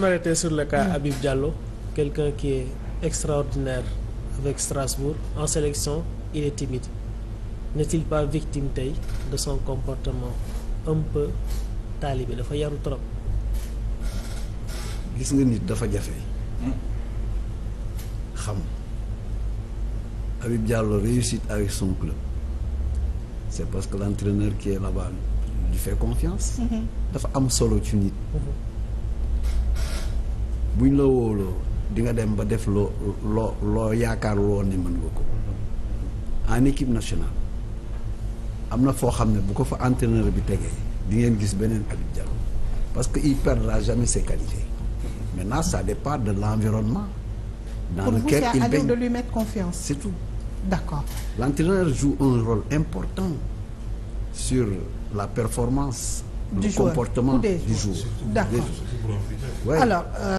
m'arrêter sur le cas mm. Habib Diallo quelqu'un ki est extraordinaire avec Strasbourg en sélection il est timide nest pas victime tey de son comportement un peu taalibe dafa yaru trop gis nga nit dafa jafe mm. xam Habib Diallo réussit avec son club c'est parce que l'entraîneur qui est là-bas lui confiance mm-hmm. dafa am solo ci nit mm-hmm. buñ la wóoloo di nga dem ba def loo loo loo yaakaar woon ne mën nga ko en équipe nationale am na foo xam ne bu ko fa entraîneur bi tegee di ngeen gis beneen Habib Diallo parce que il perdra jamais ses qualités maintenant ça dépend de l'environnement dans Pour lequel vous, il baigne de lui mettre confiance c'est tout d'accord l'entraîneur joue un rôle important sur la performance du le comportement du joueur d'accord euh,